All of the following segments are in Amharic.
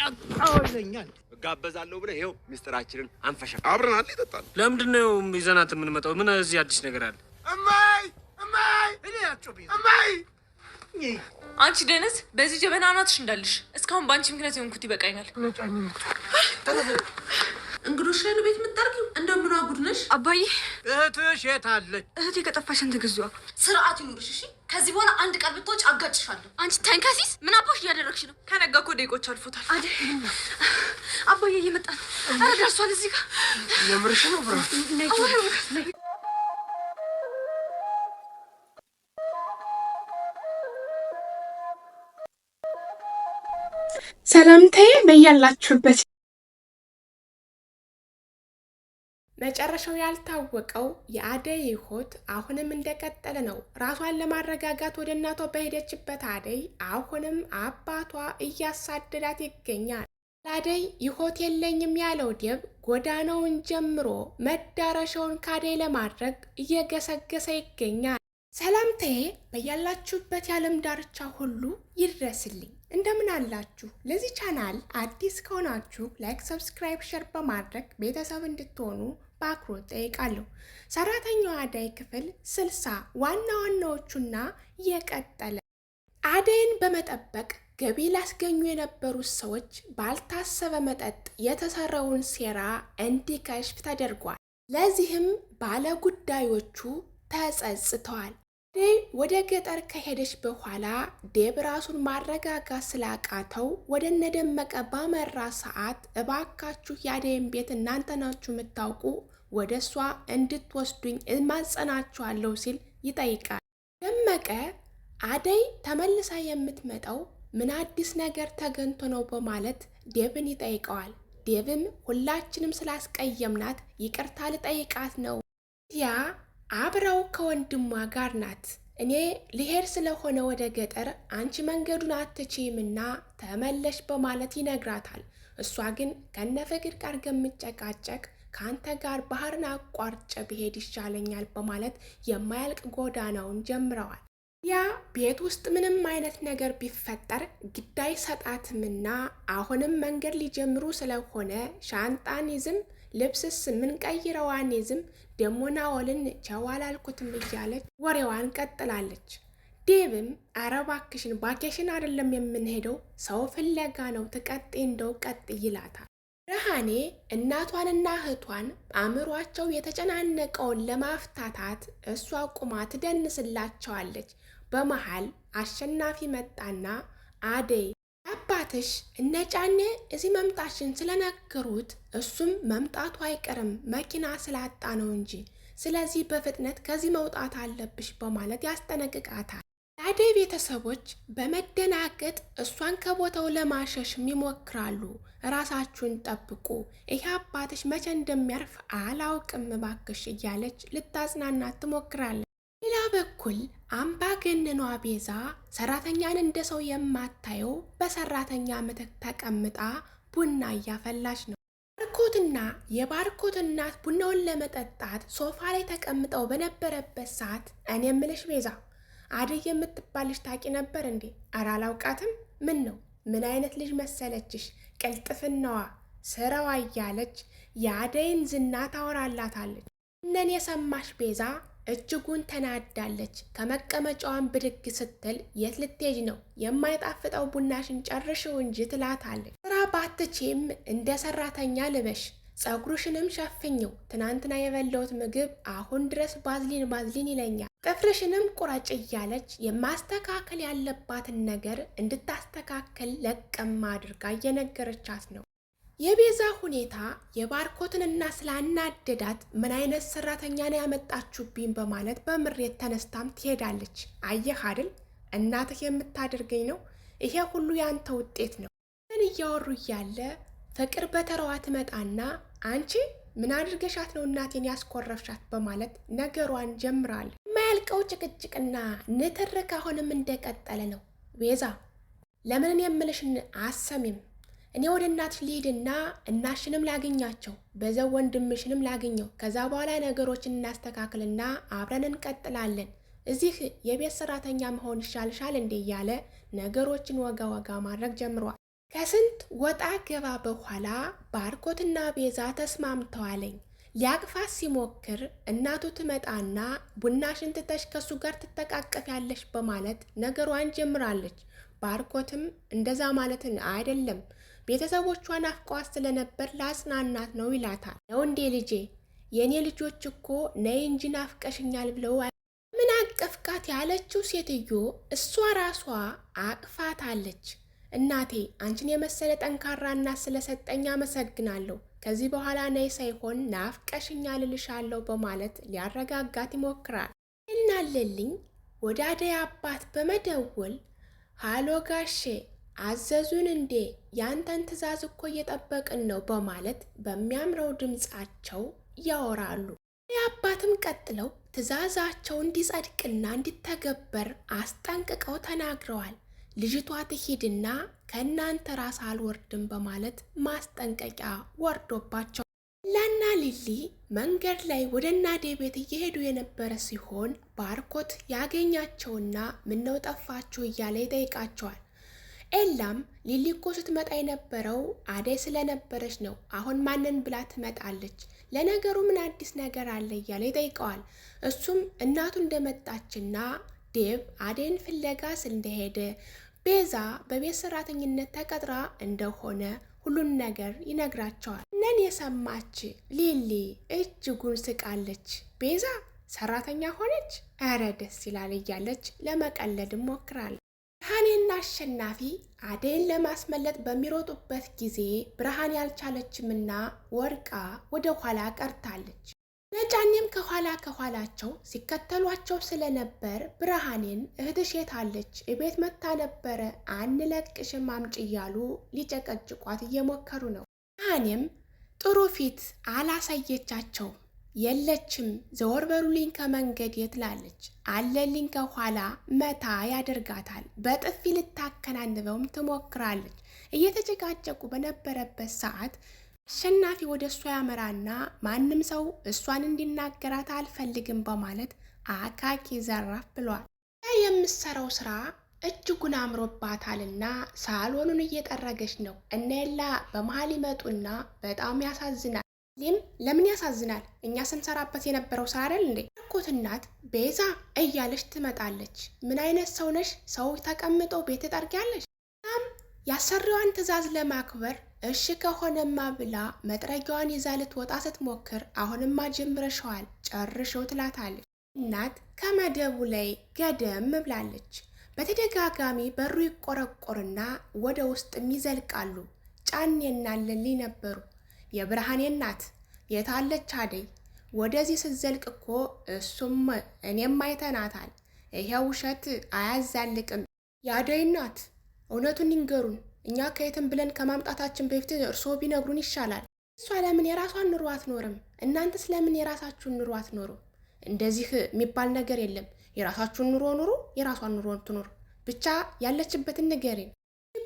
ያቃወለኛል ጋበዛለሁ ብለህ ይኸው ምስጢራችንን አንፈሻ አብረን አለ ይጠጣል። ለምንድን ነው ይዘናት የምንመጣው? ምን እዚህ አዲስ ነገር አለ? እማይ እማይ እኔ እማይ አንቺ ደነዝ፣ በዚህ ጀበና አናትሽ እንዳለሽ። እስካሁን በአንቺ ምክንያት የሆንኩት ይበቃኛል። እንግዶች ላይ ነው ቤት የምጠርጊው? እንደምኗ ጉድ አባዬ። እህትሽ የት አለች? እህቴ ከጠፋሽ ስንት ጊዜዋ። ስርዓት ይኑርሽ እሺ ከዚህ በኋላ አንድ ቀን ብትወጪ አጋጭሻለሁ። አንቺ ተንከሲስ ምን አባሽ እያደረግሽ ነው? ከነጋ እኮ ደቂቆች አልፎታል። አደ አባዬ እየመጣ ነው። ኧረ ደርሷል። እዚህ ጋር የምርሽ ነው ብራ ሰላምታዬ በያላችሁበት መጨረሻው ያልታወቀው የአደይ ሕይወት አሁንም እንደቀጠለ ነው። ራሷን ለማረጋጋት ወደ እናቷ በሄደችበት አደይ አሁንም አባቷ እያሳደዳት ይገኛል። ለአደይ ይሆት የለኝም ያለው ዴብ ጎዳናውን ጀምሮ መዳረሻውን ከአደይ ለማድረግ እየገሰገሰ ይገኛል። ሰላምታዬ በያላችሁበት የዓለም ዳርቻ ሁሉ ይድረስልኝ። እንደምን አላችሁ? ለዚህ ቻናል አዲስ ከሆናችሁ ላይክ፣ ሰብስክራይብ፣ ሸር በማድረግ ቤተሰብ እንድትሆኑ በአክብሮት ጠይቃለሁ። ሰራተኛዋ አዳይ ክፍል ስልሳ ዋና ዋናዎቹና የቀጠለ አደይን በመጠበቅ ገቢ ላስገኙ የነበሩት ሰዎች ባልታሰበ መጠጥ የተሰራውን ሴራ እንዲከሽፍ ተደርጓል። ለዚህም ባለጉዳዮቹ ተጸጽተዋል። ወደ ገጠር ከሄደች በኋላ ዴብ ራሱን ማረጋጋት ስላቃተው ወደ ነደመቀ ባመራ ሰዓት እባካችሁ የአደይን ቤት እናንተ ናችሁ የምታውቁ ወደ እሷ እንድትወስዱኝ እማጸናችኋለሁ ሲል ይጠይቃል። ደመቀ አደይ ተመልሳ የምትመጣው ምን አዲስ ነገር ተገንቶ ነው በማለት ዴብን ይጠይቀዋል። ዴብም ሁላችንም ስላስቀየምናት ይቅርታ ልጠይቃት ነው ያ አብረው ከወንድሟ ጋር ናት። እኔ ልሄድ ስለሆነ ወደ ገጠር አንቺ መንገዱን አትችምና ተመለሽ በማለት ይነግራታል። እሷ ግን ከነ ፍቅር ጋር ከምጨቃጨቅ ከአንተ ጋር ባህርን አቋርጬ ብሄድ ይሻለኛል በማለት የማያልቅ ጎዳናውን ጀምረዋል። ያ ቤት ውስጥ ምንም አይነት ነገር ቢፈጠር ግዳይ ሰጣትምና አሁንም መንገድ ሊጀምሩ ስለሆነ ሻንጣን ይዝም ልብስስ ምን ቀይረዋን ይዝም ደግሞ ናኦልን ቻው አላልኩትም እያለች ወሬዋን ቀጥላለች። ዴብም አረ እባክሽን ባኬሽን አይደለም የምንሄደው ሰው ፍለጋ ነው ትቀጤ እንደው ቀጥ ይላታል። ብርሃኔ እናቷንና እህቷን አእምሯቸው የተጨናነቀውን ለማፍታታት እሷ ቁማ ትደንስላቸዋለች። በመሃል አሸናፊ መጣና አደይ አባትሽ እነ ጫኔ እዚህ መምጣሽን ስለነገሩት እሱም መምጣቱ አይቀርም መኪና ስላጣ ነው እንጂ፣ ስለዚህ በፍጥነት ከዚህ መውጣት አለብሽ በማለት ያስጠነቅቃታል። የአደይ ቤተሰቦች በመደናገጥ እሷን ከቦታው ለማሸሽም ይሞክራሉ። ራሳችሁን ጠብቁ፣ ይሄ አባትሽ መቼ እንደሚያርፍ አላውቅም ባክሽ እያለች ልታጽናናት ትሞክራለች። ሌላ በኩል አምባገነኗ ቤዛ ሰራተኛን እንደ ሰው የማታየው በሰራተኛ ምትክ ተቀምጣ ቡና እያፈላች ነው። ባርኮትና የባርኮት እናት ቡናውን ለመጠጣት ሶፋ ላይ ተቀምጠው በነበረበት ሰዓት እኔ የምልሽ ቤዛ አደይ የምትባልሽ ታቂ ነበር እንዴ? ኧረ አላውቃትም። ምን ነው ምን አይነት ልጅ መሰለችሽ? ቅልጥፍናዋ፣ ስራዋ እያለች የአደይን ዝና ታወራላታለች። እነን የሰማሽ ቤዛ እጅጉን ተናዳለች። ከመቀመጫዋን ብድግ ስትል የት ልትሄጅ ነው? የማይጣፍጠው ቡናሽን ጨርሽው እንጂ ትላታለች። ስራ ባትቼም እንደ ሰራተኛ ልበሽ፣ ፀጉርሽንም ሸፍኝው። ትናንትና የበላሁት ምግብ አሁን ድረስ ባዝሊን ባዝሊን ይለኛል። ጥፍርሽንም ቁረጭ እያለች የማስተካከል ያለባትን ነገር እንድታስተካከል ለቀማ አድርጋ እየነገረቻት ነው። የቤዛ ሁኔታ የባርኮትንና ስላናደዳት ምን አይነት ሰራተኛ ነው ያመጣችሁብኝ በማለት በምሬት ተነስታም ትሄዳለች። አየህ አይደል እናትህ የምታደርገኝ ነው፣ ይሄ ሁሉ ያንተ ውጤት ነው። ምን እያወሩ እያለ ፍቅር በተረዋ ትመጣና አንቺ ምን አድርገሻት ነው እናቴን ያስኮረፍሻት በማለት ነገሯን ጀምራል። የማያልቀው ጭቅጭቅና ንትርክ አሁንም እንደቀጠለ ነው። ቤዛ ለምን የምልሽን አሰሚም እኔ ወደ እናትሽ ልሂድና እናሽንም ላገኛቸው በዘው ወንድምሽንም ላገኘው ከዛ በኋላ ነገሮችን እናስተካክልና አብረን እንቀጥላለን። እዚህ የቤት ሰራተኛ መሆን ይሻልሻል እንዴ እያለ ነገሮችን ወጋ ወጋ ማድረግ ጀምሯል። ከስንት ወጣ ገባ በኋላ ባርኮትና ቤዛ ተስማምተዋለኝ። ሊያቅፋት ሲሞክር እናቱ ትመጣና ቡና ሽንትተሽ ከሱ ጋር ትተቃቀፊያለሽ በማለት ነገሯን ጀምራለች። ባርኮትም እንደዛ ማለትን አይደለም ቤተሰቦቿን አፍቀዋት ስለነበር ለአጽናናት ነው ይላታል። ነው ልጄ የእኔ ልጆች እኮ ነይ እንጂ ናፍቀሽኛል ብለው ምን አቀፍቃት ያለችው ሴትዮ እሷ ራሷ አቅፋታለች። እናቴ አንቺን የመሰለ ጠንካራ እናት ስለሰጠኝ አመሰግናለሁ። ከዚህ በኋላ ነይ ሳይሆን ናፍቀሽኛ ልልሻለሁ በማለት ሊያረጋጋት ይሞክራል። እናለልኝ ወደ አደይ አባት በመደወል ሃሎ ጋሼ አዘዙን እንዴ? ያንተን ትዕዛዝ እኮ እየጠበቅን ነው በማለት በሚያምረው ድምፃቸው ያወራሉ። የአባትም ቀጥለው ትዕዛዛቸው እንዲጸድቅና እንዲተገበር አስጠንቅቀው ተናግረዋል። ልጅቷ ትሂድና ከእናንተ ራስ አልወርድም በማለት ማስጠንቀቂያ ወርዶባቸው ለና ሊሊ መንገድ ላይ ወደ እናዴ ቤት እየሄዱ የነበረ ሲሆን ባርኮት ያገኛቸውና ምነው ጠፋችሁ እያለ ይጠይቃቸዋል። ኤላም ሊሊ እኮ ስትመጣ የነበረው አደይ ስለነበረች ነው። አሁን ማንን ብላ ትመጣለች? ለነገሩ ምን አዲስ ነገር አለ እያለ ይጠይቀዋል። እሱም እናቱ እንደመጣችና ዴቭ አደይን ፍለጋ ስለሄደ ቤዛ በቤት ሰራተኝነት ተቀጥራ እንደሆነ ሁሉን ነገር ይነግራቸዋል። ነን የሰማች ሊሊ እጅጉን ስቃለች። ቤዛ ሰራተኛ ሆነች፣ እረ ደስ ይላል እያለች ለመቀለድ ሞክራለች። ታኔና አሸናፊ አደይን ለማስመለጥ በሚሮጡበት ጊዜ ብርሃን ያልቻለችምና ወርቃ ወደ ኋላ ቀርታለች። ነጫኔም ከኋላ ከኋላቸው ሲከተሏቸው ስለነበር ብርሃኔን እህትሽ የት አለች? እቤት መታ ነበረ አንለቅሽም አምጭ እያሉ ሊጨቀጭቋት እየሞከሩ ነው። ብርሃኔም ጥሩ ፊት አላሳየቻቸውም። የለችም ዘወር በሩልኝ ከመንገድ የትላለች አለልኝ ከኋላ መታ ያደርጋታል። በጥፊ ልታከናንበውም ትሞክራለች። እየተጨቃጨቁ በነበረበት ሰዓት አሸናፊ ወደ እሷ ያመራና ማንም ሰው እሷን እንዲናገራት አልፈልግም በማለት አካኪ ዘራፍ ብሏል። የምትሰራው ስራ እጅጉን አምሮባታልና ሳሎኑን እየጠረገች ነው። እነ ኤላ በመሀል ይመጡና በጣም ያሳዝናል። ለምን ያሳዝናል? እኛ ስንሰራበት የነበረው ስራ አይደል እንዴ? ያልኩት እናት ቤዛ እያለች ትመጣለች። ምን አይነት ሰው ነሽ? ሰው ተቀምጦ ቤት ጠርጊያለሽ? በጣም ያሰሪዋን ትዕዛዝ ለማክበር እሺ ከሆነማ ብላ መጥረጊያዋን ይዛ ልትወጣ ስትሞክር አሁንማ ጀምረሸዋል፣ ጨርሽው ትላታለች። እናት ከመደቡ ላይ ገደም ብላለች። በተደጋጋሚ በሩ ይቆረቆርና ወደ ውስጥም ይዘልቃሉ። ጫኔና ለሊ ነበሩ። የብርሃኔ እናት የታለች አደይ? ወደዚህ ስትዘልቅ እኮ እሱም እኔም አይተናታል። ይሄ ውሸት አያዛልቅም። የአደይ እናት እውነቱን ይንገሩን። እኛ ከየትም ብለን ከማምጣታችን በፊት እርስዎ ቢነግሩን ይሻላል። እሷ ለምን የራሷን ኑሮ አትኖርም? እናንተስ ለምን የራሳችሁን ኑሮ አትኖሩ? እንደዚህ የሚባል ነገር የለም። የራሳችሁን ኑሮ ኑሩ፣ የራሷን ኑሮ ትኑር። ብቻ ያለችበትን ንገሪን።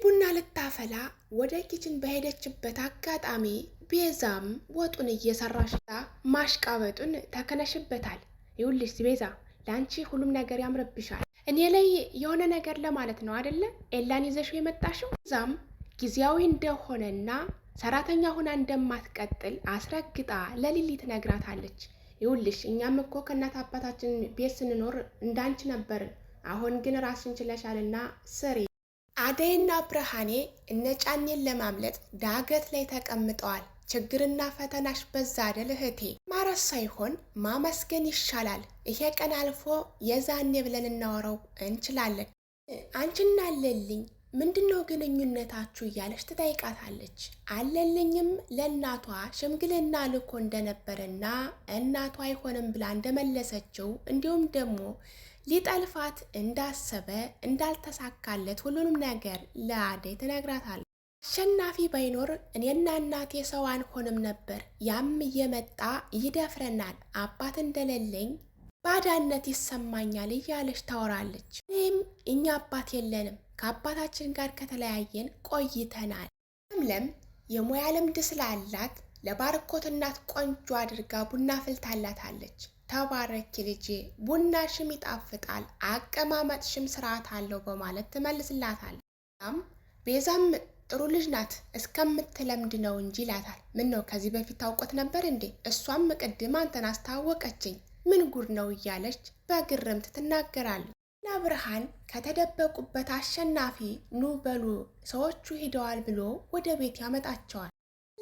ቡና ልታፈላ ወደ ኪችን በሄደችበት አጋጣሚ ቤዛም ወጡን እየሰራሽታ ማሽቃበጡን ተከነሽበታል። ይኸውልሽ ቤዛ ለአንቺ ሁሉም ነገር ያምርብሻል። እኔ ላይ የሆነ ነገር ለማለት ነው አደለ? ኤላን ይዘሽው የመጣሽው። ዛም ጊዜያዊ እንደሆነና ሰራተኛ ሆና እንደማትቀጥል አስረግጣ ለሊሊት ነግራታለች። ይኸውልሽ እኛም እኮ ከእናት አባታችን ቤት ስንኖር እንዳንቺ ነበርን። አሁን ግን ራስሽን ችለሻልና ስሪ አደይና ብርሃኔ እነ ጫኔን ለማምለጥ ዳገት ላይ ተቀምጠዋል። ችግርና ፈተናሽ በዛ አይደል እህቴ? ማረስ ሳይሆን ማመስገን ይሻላል። ይሄ ቀን አልፎ የዛኔ ብለን እናወራው እንችላለን። አንቺና አለልኝ ምንድን ነው ግንኙነታችሁ እያለች ትጠይቃታለች። አለልኝም ለእናቷ ሽምግልና ልኮ እንደነበረና እናቷ አይሆንም ብላ እንደመለሰችው እንዲሁም ደግሞ ሊጠልፋት እንዳሰበ እንዳልተሳካለት ሁሉንም ነገር ለአደይ ትነግራታለች። አሸናፊ ባይኖር እኔና እናቴ ሰው አንሆንም ነበር። ያም እየመጣ ይደፍረናል። አባት እንደሌለኝ ባዳነት ይሰማኛል እያለች ታወራለች። እኔም እኛ አባት የለንም ከአባታችን ጋር ከተለያየን ቆይተናል። ለምለም የሙያ ልምድ ስላላት ለባርኮት እናት ቆንጆ አድርጋ ቡና ፍልታላታለች። ተባረኪ ልጄ፣ ቡናሽም ይጣፍጣል፣ አቀማመጥሽም ስርዓት አለው በማለት ትመልስላታለች። ቤዛም ጥሩ ልጅ ናት እስከምትለምድ ነው እንጂ ይላታል። ምን ነው ከዚህ በፊት ታውቆት ነበር እንዴ? እሷም ቅድም አንተን አስታወቀችኝ፣ ምን ጉድ ነው እያለች በግርምት ትናገራለች። እና ብርሃን ከተደበቁበት አሸናፊ ኑ በሉ ሰዎቹ ሂደዋል ብሎ ወደ ቤት ያመጣቸዋል።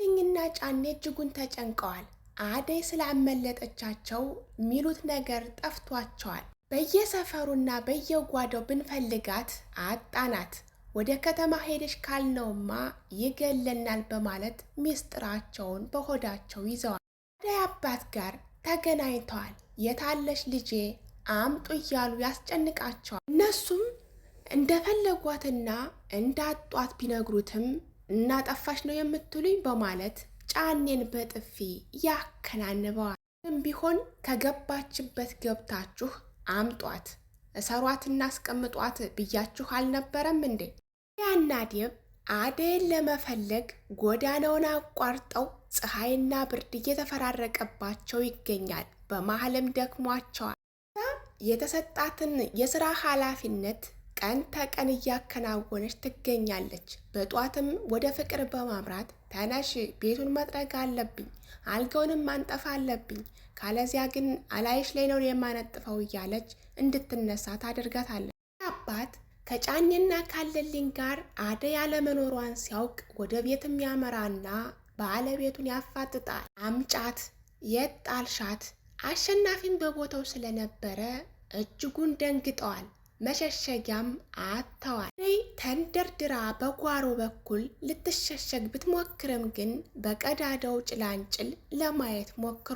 ልኝና ጫኔ እጅጉን ተጨንቀዋል። አደይ ስላመለጠቻቸው ሚሉት ነገር ጠፍቷቸዋል። በየሰፈሩና በየጓዳው ብንፈልጋት አጣናት። ወደ ከተማ ሄደች ካልነውማ ይገለናል በማለት ሚስጥራቸውን በሆዳቸው ይዘዋል። አደይ አባት ጋር ተገናኝተዋል። የታለች ልጄ አምጡ እያሉ ያስጨንቃቸዋል። እነሱም እንደፈለጓትና እንዳጧት ቢነግሩትም እናጠፋሽ ነው የምትሉኝ በማለት ጫኔን በጥፊ ያከናንበዋል። ም ቢሆን ከገባችበት ገብታችሁ አምጧት፣ እሰሯት፣ እናስቀምጧት ብያችሁ አልነበረም እንዴ? ያና ዴብ አደይን ለመፈለግ ጎዳናውን አቋርጠው ፀሐይና ብርድ እየተፈራረቀባቸው ይገኛል። በመሀልም ደክሟቸዋል። የተሰጣትን የስራ ኃላፊነት ቀን ተቀን እያከናወነች ትገኛለች። በጧትም ወደ ፍቅር በማምራት ተነሽ፣ ቤቱን መጥረግ አለብኝ፣ አልጋውንም ማንጠፍ አለብኝ፣ ካለዚያ ግን አላይሽ ላይ ነው የማነጥፈው እያለች እንድትነሳ ታደርጋታለች። አባት ከጫኔና ካለልኝ ጋር አደይ ያለመኖሯን ሲያውቅ ወደ ቤትም ያመራና ባለቤቱን ያፋጥጣል። አምጫት፣ የት ጣልሻት? አሸናፊም በቦታው ስለነበረ እጅጉን ደንግጠዋል። መሸሸጊያም አጥተዋል። ተንደርድራ በጓሮ በኩል ልትሸሸግ ብትሞክርም ግን በቀዳዳው ጭላንጭል ለማየት ሞክሮ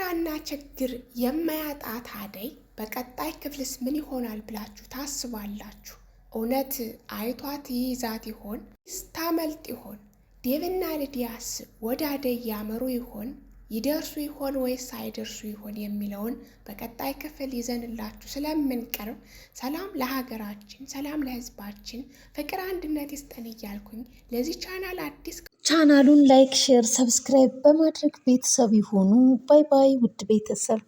ራና ችግር የማያጣት አደይ በቀጣይ ክፍልስ ምን ይሆናል ብላችሁ ታስባላችሁ? እውነት አይቷት ይይዛት ይሆን? ስታመልጥ ይሆን? ዴቭና ልዲያስ ወደ አደይ ያመሩ ይሆን? ይደርሱ ይሆን ወይስ አይደርሱ ይሆን የሚለውን በቀጣይ ክፍል ይዘንላችሁ ስለምንቀርብ ሰላም ለሀገራችን፣ ሰላም ለሕዝባችን፣ ፍቅር አንድነት ይስጠን እያልኩኝ ለዚህ ቻናል አዲስ ቻናሉን ላይክ፣ ሼር፣ ሰብስክራይብ በማድረግ ቤተሰብ ይሆኑ። ባይ ባይ ውድ ቤተሰብ